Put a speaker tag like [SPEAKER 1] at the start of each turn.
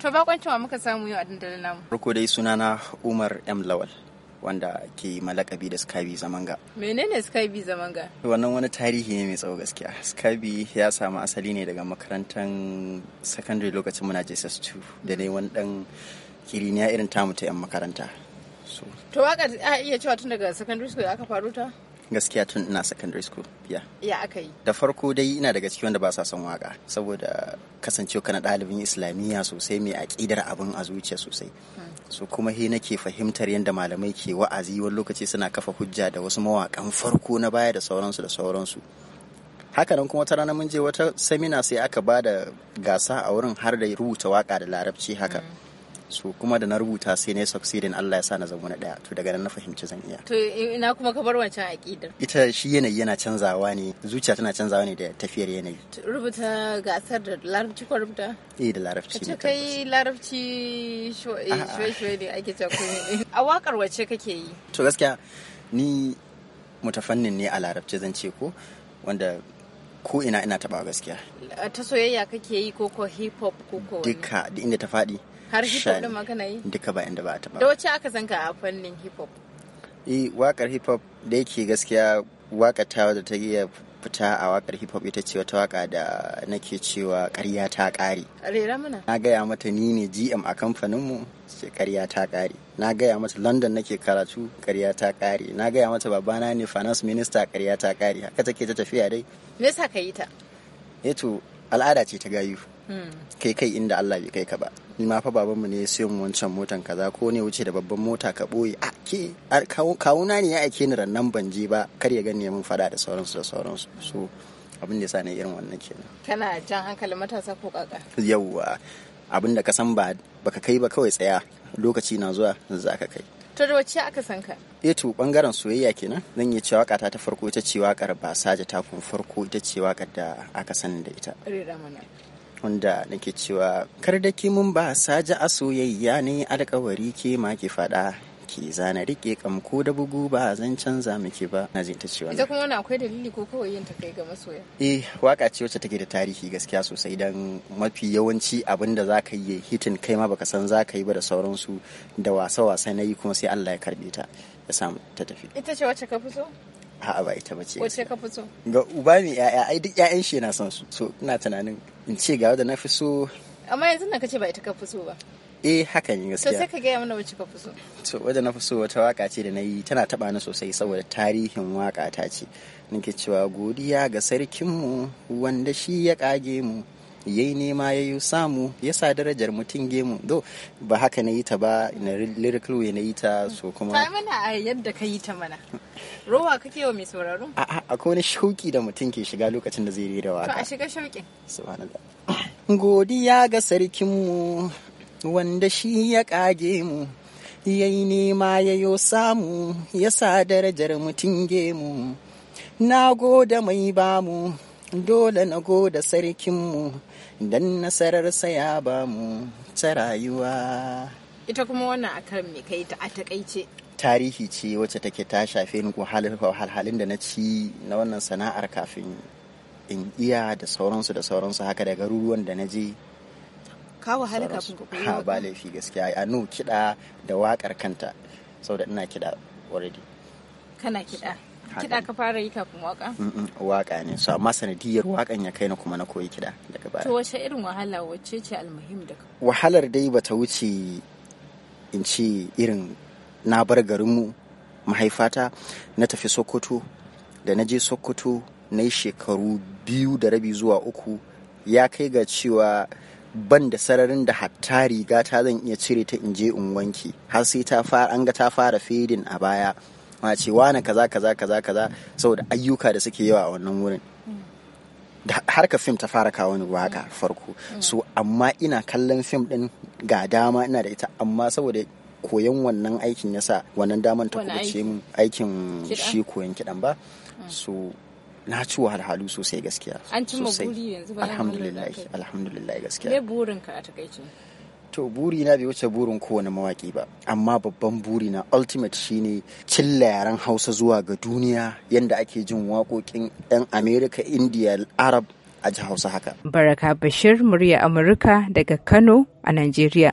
[SPEAKER 1] To bakoncin wa muka samu yau a dandalin namu. Farko dai sunana Umar M Lawal. wanda ke malakabi da Skybi Zamanga. Menene Skybi Zamanga? Wannan wani tarihi ne mai tsawo gaskiya. Skybi ya samu asali ne daga makarantar secondary lokacin muna JSS2 da ne wani dan kiriniya irin tamu ta 'yan makaranta. To waka a iya cewa tun daga secondary school aka faru ta? Gaskiya tun ina secondary school. Ya. Ya aka yi. Da farko dai ina daga cikin wanda ba sa son waka saboda kasancewa kana ɗalibin islamiyya sosai mai aƙidar abin a zuciya sosai. Hmm. So kuma he nake fahimtar yadda malamai ke wa'azi wani lokaci suna kafa hujja da wasu mawakan farko na baya da sauransu da sauransu. hakanan kuma wata rana mun je wata samina sai aka ba da gasa a wurin har da rubuta waka da larabci haka. Hmm. so kuma da na rubuta sai na yi in Allah ya sa na zama na daya to daga nan na fahimci zan iya to ina kuma ka bar wancan aqidar ita shi yanayi yana canzawa ne zuciya tana canzawa ne da tafiyar yanayi rubuta gasar da larabci ko rubuta eh da larabci ne kai larabci shoye eh, ne ake ko ne a wakar wace kake yi to gaskiya ni mutafannin ne a larabci zan ce ko wanda ko ina ina taba gaskiya ta soyayya kake yi ko ko hip hop ko ko duka inda ta faɗi har hip hop din magana yi duka ba inda ba ta ba da wacce aka zanka a fannin hip hop eh wakar hip hop da yake gaskiya ta da ta iya fita a wakar hip hop ita ce wata waka da nake cewa karya ta kare rera mana na gaya mata ni ne GM a kamfanin mu ce karya ta kare na gaya mata London nake karatu karya ta kare na gaya mata babana ne finance minister karya ta kare haka take ta tafiya dai me yasa ka yi ta eh to al'ada ce ta gayu hmm. kai kai inda Allah bai kai ka ba ni ma fa babanmu ne sai mu wancan motan kaza ko ne wuce da babban mota ka boye a ke kawuna ne ya ake ni rannan ban je ba kar ya gani mun fada da sauransu da sauransu so abin da yasa ne irin wannan kenan kana jan hankali matasa ko kaka yawwa abin da ka san ba baka kai ba kawai tsaya lokaci na zuwa za ka kai To aka san ka? Eh to bangaren soyayya kenan. Zan iya cewa wakata ta farko ita ce wakar Basaja kun farko ita ce wakar da aka san da ita. Rera mana. wanda nake cewa kar da mun ba saja a soyayya ne alkawari ke ma ke faɗa ki za na rike kam ko da bugu ba zan canza miki ba na je ta ce ita kuma wannan akwai dalili ko kawai yin ta kai ga masoya eh waka ce wacce take da tarihi gaskiya sosai dan mafi yawanci abin da zaka yi hitin kai ma baka san zaka yi ba da sauransu da wasa wasa na yi kuma sai Allah ya karbe ta ya samu ta tafi ita ce wacce ka fi so a'a ba ita bace wacce ka fito ga uba ne ya'ya ai duk ya'yan shi yana son su so ina tunanin in ce ga wanda na fi so amma yanzu na kace ba ita ka fi so ba eh haka ne gaskiya to sai ka gaya mana wacce ka fuso to wadda na fuso wata waka ce da na yi tana taba ni sosai saboda tarihin waka ta ce nake cewa godiya ga sarkinmu wanda shi ya kage mu yayi nema ya yi samu ya sa darajar mutum gemu do ba haka na yi ta ba na lyrical way na yi ta so kuma ta mana a yadda ka yi ta mana rowa kake wa mai sauraro a'a akwai wani shauki da mutum ke shiga lokacin da zai rera waka to a shiga shauki subhanallah godiya ga sarkinmu wanda shi ya kage mu ya yi nema ya yo samu ya sa darajar mutum gemu na goda mai bamu dole na goda sarkinmu don nasararsa ya bamu ta rayuwa ita kuma wannan akan mai kai ta a takaice tarihi ce wacce take ta shafe ni ko halhalin da na ci na wannan sana'ar kafin in iya da sauransu da sauransu haka da garuruwan da na je kawo hali kafin ku koyi ha ba laifi gaskiya a nu kiɗa da waƙar kanta saboda ina kiɗa already kana kiɗa kiɗa ka fara yi kafin waka waka ne so amma sanadiyar wakan ya kai na kuma na koyi kiɗa daga baya to wace irin wahala wacce ce almuhim da wahalar dai bata wuce in ce irin na bar garinmu mahaifata na tafi sokoto da na je sokoto na yi shekaru biyu da rabi zuwa uku ya kai ga cewa ban da sararin da hatta riga ta zan iya cire ta in je in wanke har sai ta fara an ga ta fara fedin a baya ma ce wani kaza kaza kaza kaza saboda ayyuka da suke yawa a wannan wurin da harka fim ta fara kawo ni waka mm. farko mm. so amma ina kallon fim din ga dama ina da ita amma saboda koyon wannan aikin yasa wannan daman ta kubuce mun aikin shi koyon kidan ba mm. so na ci wahalhalu sosai gaskiya an ci alhamdulillah alhamdulillah gaskiya me burin ka a takaice to buri na bai wuce burin kowane mawaki ba amma babban buri na ultimate shine cilla yaren hausa zuwa ga duniya yanda ake jin waƙoƙin 'yan america india arab a ji hausa haka baraka bashir murya amurka daga kano a nigeria